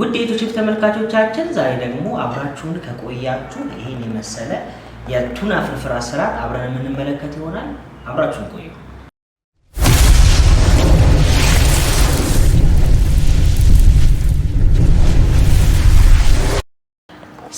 ውድ የዩቲዩብ ተመልካቾቻችን ዛሬ ደግሞ አብራችሁን ከቆያችሁ ይህን የመሰለ የቱና ፍርፍር አሰራር አብረን የምንመለከት ይሆናል። አብራችሁን ቆዩ።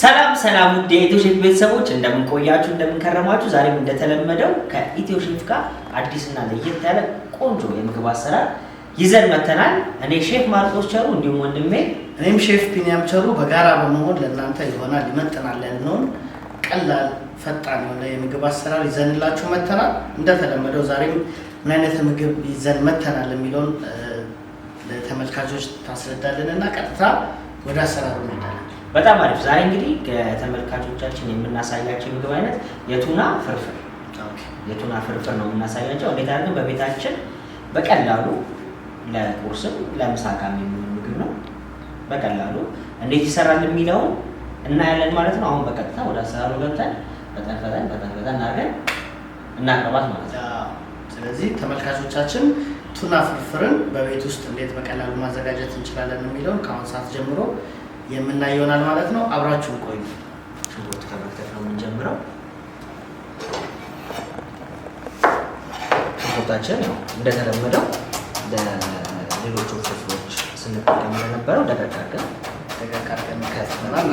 ሰላም ሰላም፣ ውድ የኢትዮሼፍ ቤተሰቦች እንደምን ቆያችሁ፣ እንደምን ከረማችሁ። ዛሬም እንደተለመደው ከኢትዮሼፍ ጋር አዲስና ለየት ያለ ቆንጆ የምግብ አሰራር ይዘን መተናል። እኔ ሼፍ ማርቆስ ቸሩ እንዲሁም ወንድሜ እኔም ሼፍ ቢኒያም ቸሩ በጋራ በመሆን ለእናንተ ይሆናል ይመጥናል ያልነውን ቀላል ፈጣን የሆነ የምግብ አሰራር ይዘንላችሁ መተናል። እንደተለመደው ዛሬም ምን አይነት ምግብ ይዘን መተናል የሚለውን ለተመልካቾች ታስረዳለን እና ቀጥታ ወደ አሰራሩ እንሄዳለን። በጣም አሪፍ። ዛሬ እንግዲህ ከተመልካቾቻችን የምናሳያቸው የምግብ አይነት የቱና ፍርፍር የቱና ፍርፍር ነው የምናሳያቸው። እንዴት አድርገን በቤታችን በቀላሉ ለቁርስም ለምሳቃም የሚሆን ምግብ ነው። በቀላሉ እንዴት ይሰራል የሚለውን እናያለን ማለት ነው። አሁን በቀጥታ ወደ አሰራሩ ገብተን በጠን ፈጠን በጠን ፈጠን አድርገን እናቅርባት ማለት ነው። ስለዚህ ተመልካቾቻችን ቱና ፍርፍርን በቤት ውስጥ እንዴት በቀላሉ ማዘጋጀት እንችላለን የሚለውን ከአሁን ሰዓት ጀምሮ የምናይ ይሆናል ማለት ነው። አብራችሁን ቆዩ። ሽንኩርት ከመክተፍ ነው የምንጀምረው። ሽንኩርታችን ነው እንደተለመደው ለሌሎቹ ክፍሎች ስንጠቀም እንደነበረው ደረቅ አድርገን ደረቅ አድርገን ከትፈናል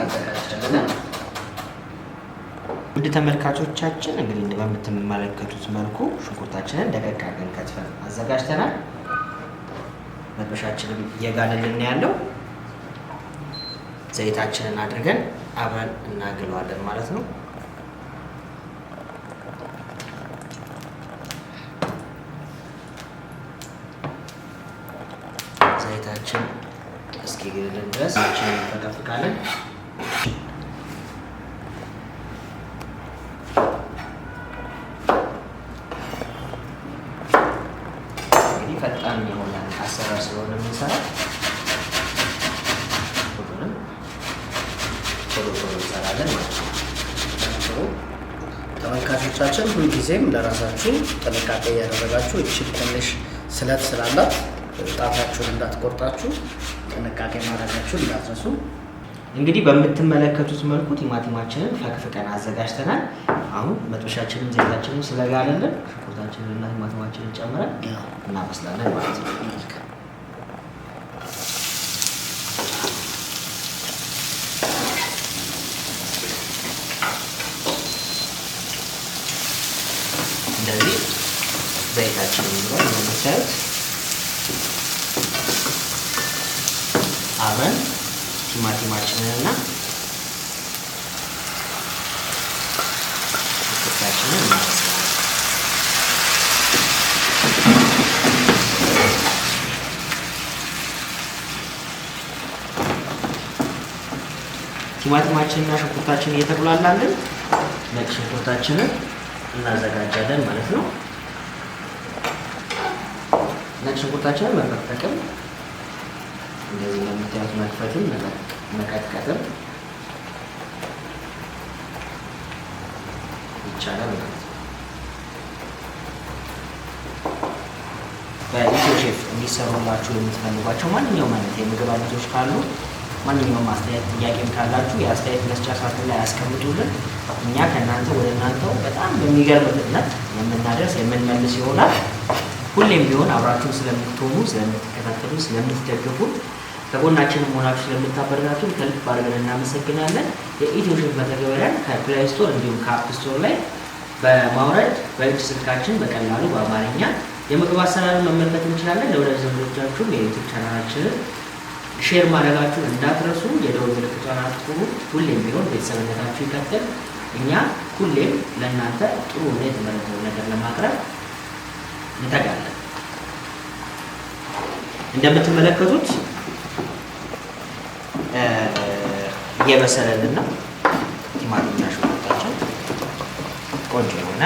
ውድ ተመልካቾቻችን እንግዲህ በምትመለከቱት መልኩ ሽንኩርታችንን ደቀቃቅን ከትፈን አዘጋጅተናል። መጥበሻችንም እየጋለልን ያለው ዘይታችንን አድርገን አብረን እናግለዋለን ማለት ነው። እስኪልልን ድረስ እንጠብቃለን። እንግዲህ ፈጣን የሆነ አሰራር ስለሆነ የምንሰራ ሁሉንም ቶሎ ቶሎ እንሰራለን ማለት ነው። ተመልካቾቻችን ሁልጊዜም ለራሳችሁ ጥንቃቄ እያደረጋችሁ እችል ትንሽ ስለት ስላላት ጣታችሁን እንዳትቆርጣችሁ ጥንቃቄ ማድረጋችሁን እንዳትረሱ። እንግዲህ በምትመለከቱት መልኩ ቲማቲማችንን ፈቅፍቀን አዘጋጅተናል። አሁን መጥበሻችንን ዘይታችንን ስለጋለለን ሽንኩርታችንን እና ቲማቲማችንን ጨምረን እናበስላለን ማለት ነው። እና ኢትዮጵያችንን እናበስላለን። ሽንኩርታችን እየተቁላላልን ነጭ ሽንኩርታችንን እናዘጋጃለን ማለት ነው። ነጭ ሽንኩርታችንን መፈቅፈቅም እንደዚህ ለምታዩት መክፈትም መፈቅፈቅ መቀጥቀጥም ይቻላል ማለት ነው። በኢትዮ ሼፍ እንዲሰሩላችሁ የምትፈልጓቸው ማንኛውም አይነት የምግብ አይነቶች ካሉ ማንኛውም አስተያየት ጥያቄም ካላችሁ የአስተያየት መስጫ ሳጥን ላይ ያስቀምጡልን። እኛ ከእናንተ ወደ እናንተው በጣም በሚገርም ፍጥነት የምናደርስ የምንመልስ ይሆናል። ሁሌም ቢሆን አብራችሁን ስለምትሆኑ፣ ስለምትከታተሉ፣ ስለምትደግፉ ከጎናችንም ሆናችሁ ስለምታበረታቱን ከልብ አድርገን እናመሰግናለን። የኢትዮ ሽፕ መተግበሪያን ከፕላይ ስቶር እንዲሁም ከአፕ ስቶር ላይ በማውረድ በእጅ ስልካችን በቀላሉ በአማርኛ የምግብ አሰራርን መመልከት እንችላለን። ለወዳጅ ዘመዶቻችሁም የዩቱብ ቻናላችንን ሼር ማድረጋችሁን እንዳትረሱ። የደወል ምልክቷን አጥቁሩ። ሁሌም ቢሆን ቤተሰብነታችሁ ይቀጥል። እኛ ሁሌም ለእናንተ ጥሩ እና የተመረጠውን ነገር ለማቅረብ እንተጋለን። እንደምትመለከቱት ነው። ቲማቲምና ሽንኩርታችን ቆንጆ የሆነ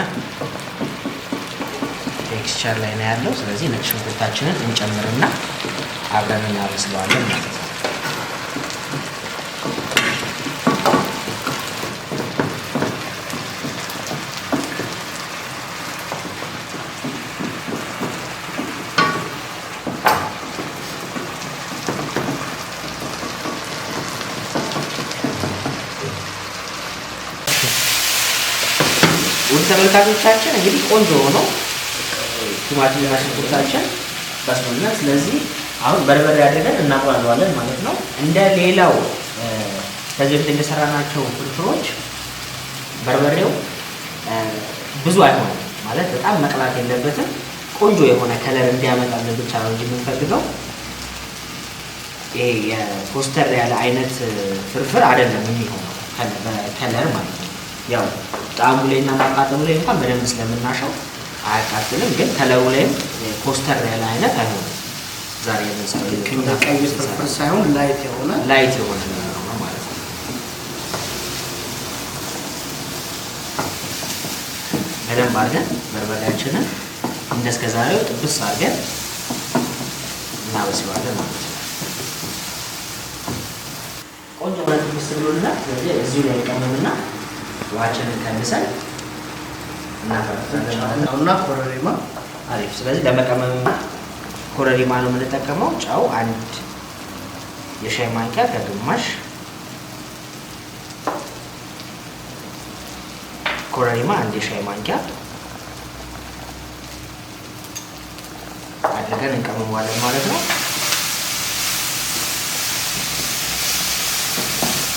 ቴክስቸር ላይ ነው ያለው። ስለዚህ ነጭ ሽንኩርታችንን እንጨምርና አብረን እናበስለዋለን ማለት ነው። ውድ ተመልካቾቻችን እንግዲህ ቆንጆ ሆነው ቲማቲምና ሽንኩርታችን በስሎኛል። ስለዚህ አሁን በርበሬ አድርገን እናቁላለዋለን ማለት ነው። እንደ ሌላው ከዚህ በፊት እንደሰራናቸው ፍርፍሮች በርበሬው ብዙ አይሆንም ማለት በጣም መቅላት የለበትም። ቆንጆ የሆነ ከለር እንዲያመጣልን ብቻ ነው እንጂ የምንፈልገው ይሄ የኮስተር ያለ አይነት ፍርፍር አይደለም የሚሆነው ከለር ማለት ነው። ያው ጣሙ ላይና ማቃጠሉ ላይ እንኳን በደንብ ስለምናሻው አያቃጥልም፣ ግን ተለው ላይም ኮስተር ያለ አይነት አይሆንም። ዛሬ የምንሰራው ሳይሆን ላይት የሆነ ላይት የሆነ በደንብ አድርገን በርበሬያችንን እንደስከ ዛሬው ጥብስ አድርገን እናበስለዋለን ማለት ነው። ቆንጆ ማለት ጥብስ ብሎልናል። ስለዚህ እዚሁ ላይ ቀመምና ውሃችንን ከንሰን እናፈረፍራለን ኮረሪማ አሪፍ። ስለዚህ ለመቀመም ኮረሪማ ነው የምንጠቀመው። ጨው አንድ የሻይ ማንኪያ ከግማሽ፣ ኮረሪማ አንድ የሻይ ማንኪያ አድርገን እንቀመመዋለን ማለት ነው።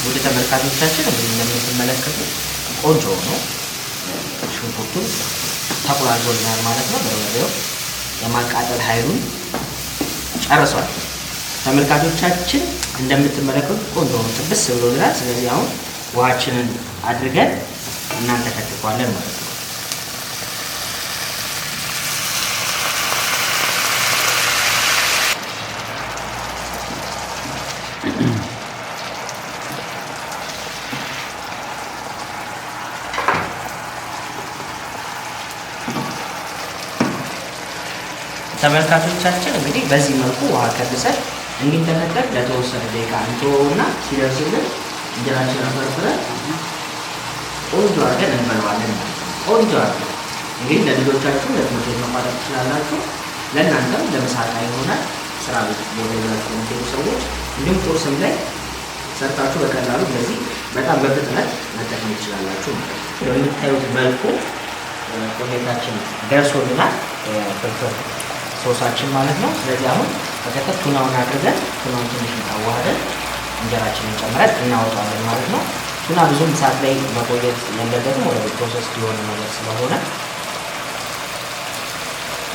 ውድ ተመልካቾቻችን እንግዲህ እንደምትመለከቱት ቆንጆ ነው። ሽንኩርቱን ተቆራርጦልናል ማለት ነው። በመሪው የማቃጠል ኃይሉን ጨርሷል። ተመልካቾቻችን እንደምትመለከቱ ቆንጆ ነው፣ ጥብስ ብሎልናል። ስለዚህ አሁን ውሃችንን አድርገን እናንተከትኳለን ማለት ነው። Mm-hmm. ተመልካቾቻችን እንግዲህ በዚህ መልኩ ውሃ ከልሰን እንዲንተከተል ለተወሰነ ደቂቃ እንተወውና ሲደርስልን እንጀራችንን ፈርፍረን ቆንጆ አድርገን እንበለዋለን። ቆንጆ አድርገን እንግዲህ ለልጆቻችሁ ለትምህርት ቤት መማለት ትችላላችሁ። ለእናንተም ለምሳቃ የሆነ ስራ ቤት ቦታ ይዛችሁ የሚገኙ ሰዎች እንዲሁም ቁርስም ላይ ሰርታችሁ በቀላሉ በዚህ በጣም በፍጥነት መጠቀም ይችላላችሁ ማለት ነው። በምታዩት መልኩ ሁኔታችን ደርሶልናል ፍርፍር ሶሳችን ማለት ነው። ስለዚህ አሁን በቀጥታ ቱናውን አድርገን ቱናውን ትንሽ አዋህደን እንጀራችንን ጨምረን እናወጣለን ማለት ነው። ቱና ብዙም ሰዓት ላይ መቆየት የለበትም ወደ ፕሮሰስ ሊሆን ነገር ስለሆነ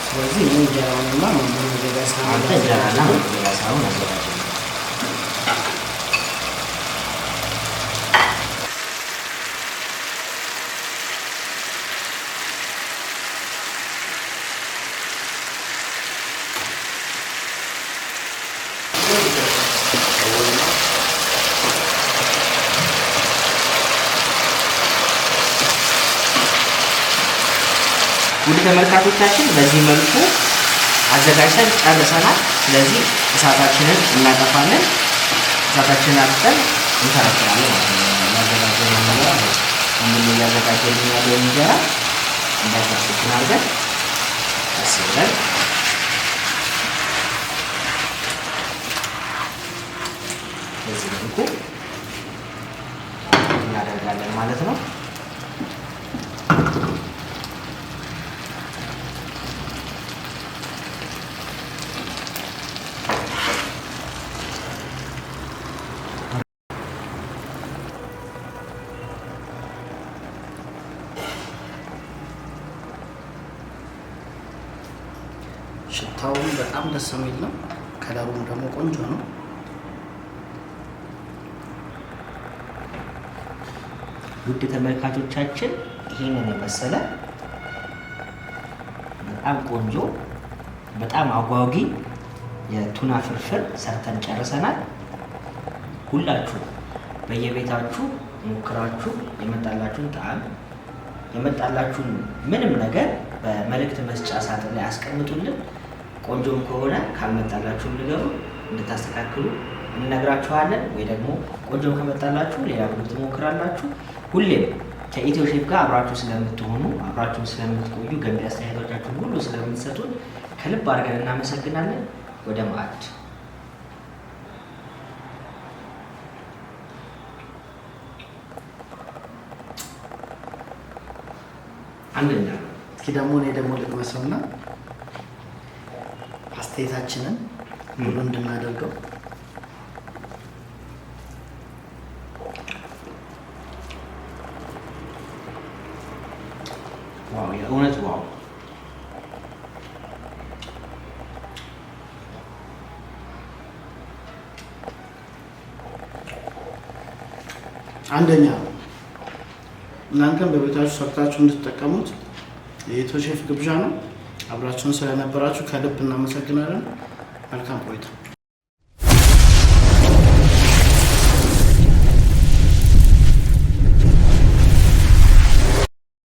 ስለዚህ ይህ እንጀራውንና ማዘጋጃ ሳሆን እንጀራና ማዘጋጃ ሳሆን አዘጋጅ ውድ ተመልካቾቻችን በዚህ መልኩ አዘጋጅተን ጨርሰናል። ስለዚህ እሳታችንን እናጠፋለን። እሳታችንን አጥተን እንከረክራለን ማለት ነው። ያዘጋጀነው ያለው እንጀራ እንዳይፈርስብን አድርገን ቀስ ብለን በዚህ መልኩ እናደርጋለን ማለት ነው። ሽታውም በጣም ደስ የሚል ነው። ከለሩም ደግሞ ቆንጆ ነው። ውድ ተመልካቾቻችን ይህንን የመሰለ በጣም ቆንጆ በጣም አጓጊ የቱና ፍርፍር ሰርተን ጨርሰናል። ሁላችሁ በየቤታችሁ ሞክራችሁ የመጣላችሁን ጣዕም የመጣላችሁን ምንም ነገር በመልእክት መስጫ ሳጥን ላይ አስቀምጡልን። ቆንጆም ከሆነ ካልመጣላችሁ ንገሩ እንድታስተካክሉ እንነግራችኋለን። ወይ ደግሞ ቆንጆም ከመጣላችሁ ሌላ ምግብ ትሞክራላችሁ። ሁሌም ከኢትዮ ሼፍ ጋር አብራችሁ ስለምትሆኑ አብራችሁ ስለምትቆዩ ገንቢ አስተያየቶቻችሁን ሁሉ ስለምትሰጡን ከልብ አድርገን እናመሰግናለን። ወደ ማዕድ አንደኛ እስኪ ደግሞ እኔ ደግሞ ልቅመሰውና አስተያየታችንን ሙሉ እንድናደርገው እውነት ዋው አንደኛ እናንተም በቤታችሁ ሰርታችሁ እንድትጠቀሙት የኢትዮ ሼፍ ግብዣ ነው። አብራችሁን ስለነበራችሁ ከልብ እናመሰግናለን። መልካም ቆይታ